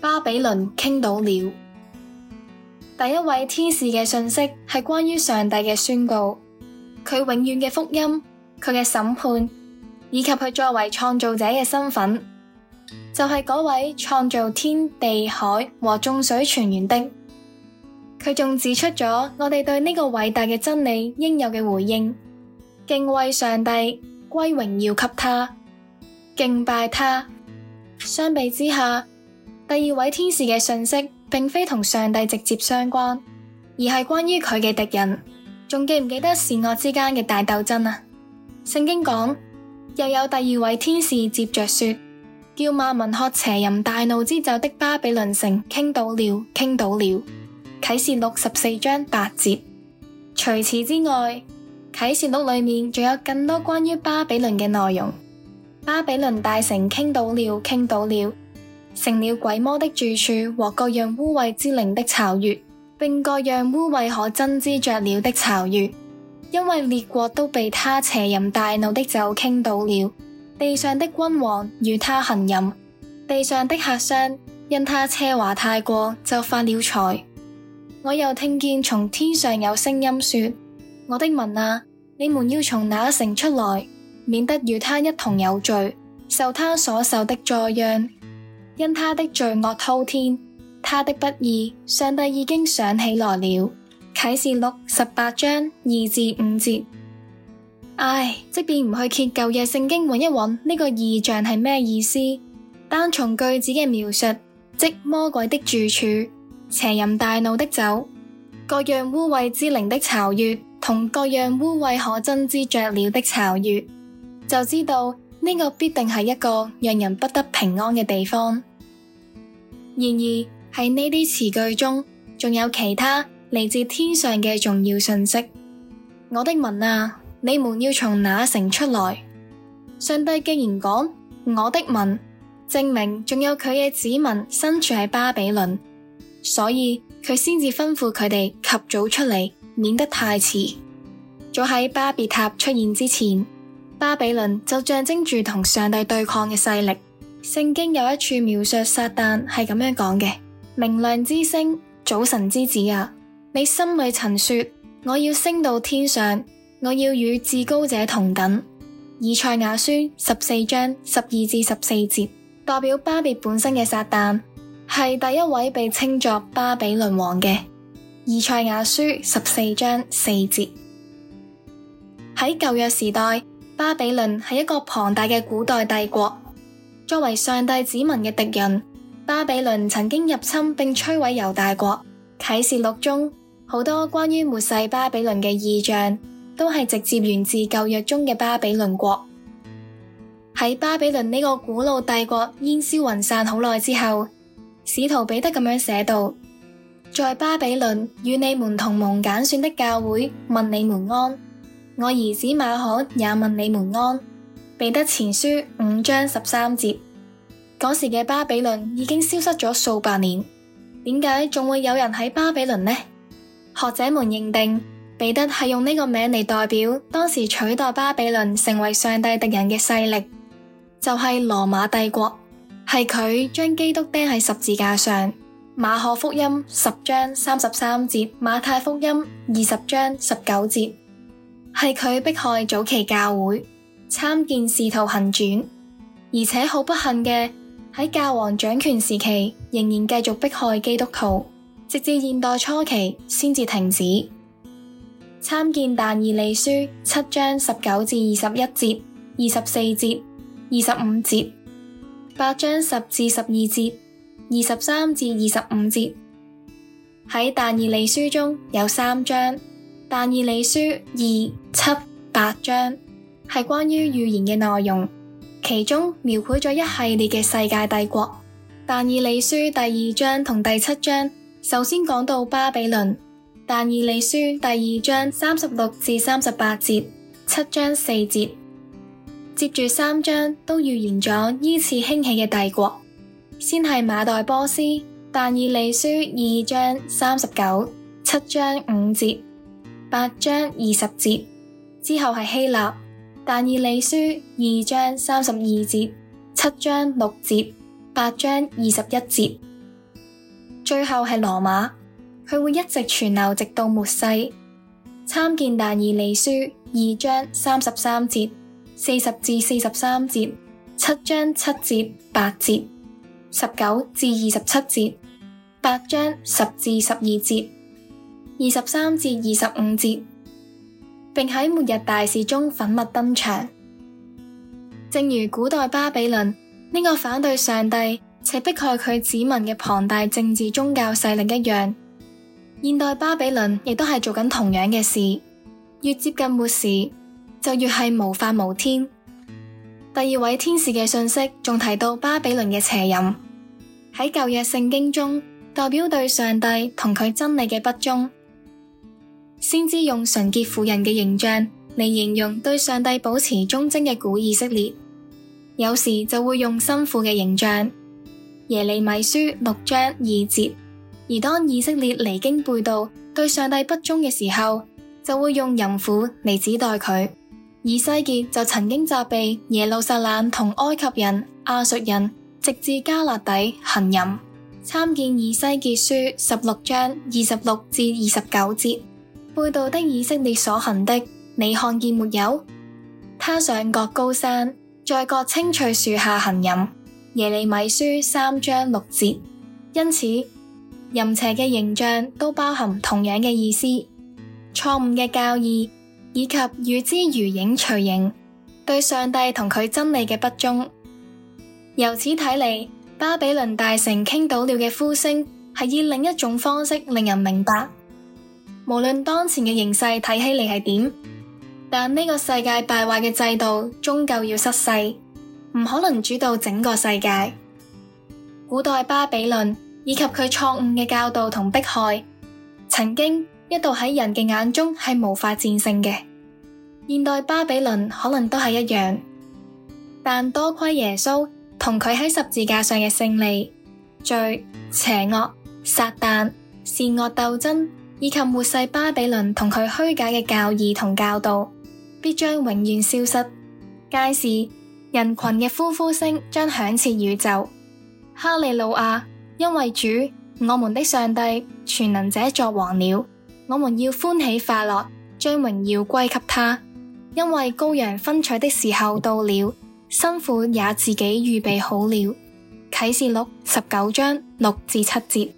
巴比倫傾倒了。第一位天使嘅信息，係關於上帝嘅宣告，佢永遠嘅福音，佢嘅審判，以及佢作為創造者嘅身份，就係、是、嗰位創造天地海和眾水泉源的。佢仲指出咗我哋對呢個偉大嘅真理應有嘅回應：敬畏上帝，歸榮耀給他，敬拜他。相比之下，第二位天使嘅信息，並非同上帝直接相關，而係關於佢嘅敵人。仲記唔記得善惡之間嘅大鬥爭啊？聖經講，又有第二位天使接着說，叫萬民喝邪淫大怒之酒的巴比倫城，傾倒了，傾倒了。啟示錄十四章八節。除此之外，啟示錄裏面仲有更多關於巴比倫嘅內容。巴比倫大城傾倒了，傾倒了。成了鬼魔的住處，和各樣污穢之靈的巢穴，並各樣污穢可憎之雀鳥的巢穴。因為列國都被他邪淫大怒的酒傾倒了，地上的君王與他行淫，地上的客商因他奢華太過就發了財。我又聽見從天上有聲音說：我的民啊，你們要從那城出來，免得與他一同有罪，受他所受的災殃。因他的罪惡滔天，他的不義，上帝已經想起來了。啟示錄十八章二至五節。唉，即便唔去揭舊約聖經揾一揾，呢、這個異象係咩意思，單從句子嘅描述，即魔鬼的住處、邪淫大怒的酒、各樣污穢之靈的巢穴，同各樣污穢可憎之雀鳥的巢穴，就知道呢、這個必定係一個讓人不得平安嘅地方。然而喺呢啲詞句中，仲有其他嚟自天上嘅重要信息。我的民啊，你們要從哪城出來？上帝竟然講我的民，證明仲有佢嘅子民身處喺巴比倫，所以佢先至吩咐佢哋及早出嚟，免得太遲。早喺巴比塔出現之前，巴比倫就象徵住同上帝對抗嘅勢力。聖經有一處描述撒旦係咁樣講嘅：明亮之星，早晨之子啊，你心裏曾說，我要升到天上，我要與至高者同等。以賽亞書十四章十二至十四節，代表巴比本身嘅撒旦，係第一位被稱作巴比倫王嘅。以賽亞書十四章四節，喺舊約時代，巴比倫係一個龐大嘅古代帝國。作為上帝子民嘅敵人，巴比倫曾經入侵並摧毀猶大國。啟示錄中好多關於末世巴比倫嘅異象，都係直接源自舊約中嘅巴比倫國。喺巴比倫呢個古老帝國煙消雲散好耐之後，使徒彼得咁樣寫道：在巴比倫與你們同蒙揀選的教會，問你們安；我兒子馬可也問你們安。彼得前書五章十三節。嗰時嘅巴比倫已經消失咗數百年，點解仲會有人喺巴比倫呢？學者們認定彼得係用呢個名嚟代表當時取代巴比倫成為上帝敵人嘅勢力，就係、是、羅馬帝國，係佢將基督釘喺十字架上。馬可福音十章三十三節。馬太福音二十章十九節。係佢迫害早期教會。參見《使徒行傳》，而且好不幸嘅喺教皇掌權時期，仍然繼續迫害基督徒，直至現代初期先至停止。參見《但以利書》七章十九至二十一節、二十四節、二十五節、八章十至十二節、二十三至二十五節。喺《但以利書》中有三章，《但以利書》二、七、八章。係關於預言嘅內容，其中描繪咗一系列嘅世界帝國。但以理書第二章同第七章首先講到巴比倫。但以理書第二章三十六至三十八節，七章四節，接住三章都預言咗依次興起嘅帝國，先係馬代波斯。但以理書二章三十九，七章五節，八章二十節，之後係希臘。但以理書二章三十二節、七章六節、八章二十一節，最後係羅馬，佢會一直存留直到末世。參見但以理書二章三十三節、四十至四十三節、七章七節、節、八節、十九至二十七節、八章十至十二節、二十三至二十五節。並喺末日大事中粉墨登場，正如古代巴比倫呢個反對上帝且迫害佢子民嘅龐大政治宗教勢力一樣，現代巴比倫亦都係做緊同樣嘅事。越接近末時，就越係無法無天。第二位天使嘅信息仲提到巴比倫嘅邪淫，喺舊約聖經中代表對上帝同佢真理嘅不忠。先知用純潔婦人嘅形象嚟形容對上帝保持忠貞嘅古以色列，有時就會用辛苦嘅形象，耶利米書六章二節。而當以色列離經背道，對上帝不忠嘅時候，就會用淫婦嚟指代佢。以西結就曾經責備耶路撒冷同埃及人、亞述人，直至加勒底行淫，參見以西結書十六章二十六至二十九節。背道的以色列所行的，你看見沒有？他上各高山，在各青翠樹下行淫。耶利米書三章六節。因此，淫邪嘅形象都包含同樣嘅意思，錯誤嘅教義，以及與之如影隨形，對上帝同佢真理嘅不忠。由此睇嚟，巴比倫大城傾倒了嘅呼聲係以另一種方式令人明白。無論當前嘅形勢睇起嚟係點，但呢個世界敗壞嘅制度終究要失勢，唔可能主導整個世界。古代巴比倫以及佢錯誤嘅教導同迫害，曾經一度喺人嘅眼中係無法戰勝嘅。現代巴比倫可能都係一樣，但多虧耶穌同佢喺十字架上嘅勝利，罪、邪惡、撒旦、善惡鬥爭，以及末世巴比倫同佢虛假嘅教義同教導，必將永遠消失。屆時，人群嘅歡呼聲將響徹宇宙。哈利路亞！因為主我們的上帝全能者作王了，我們要歡喜快樂，將榮耀歸給他。因為羔羊婚娶的時候到了，新婦也自己預備好了。啟示錄十九章六至七節。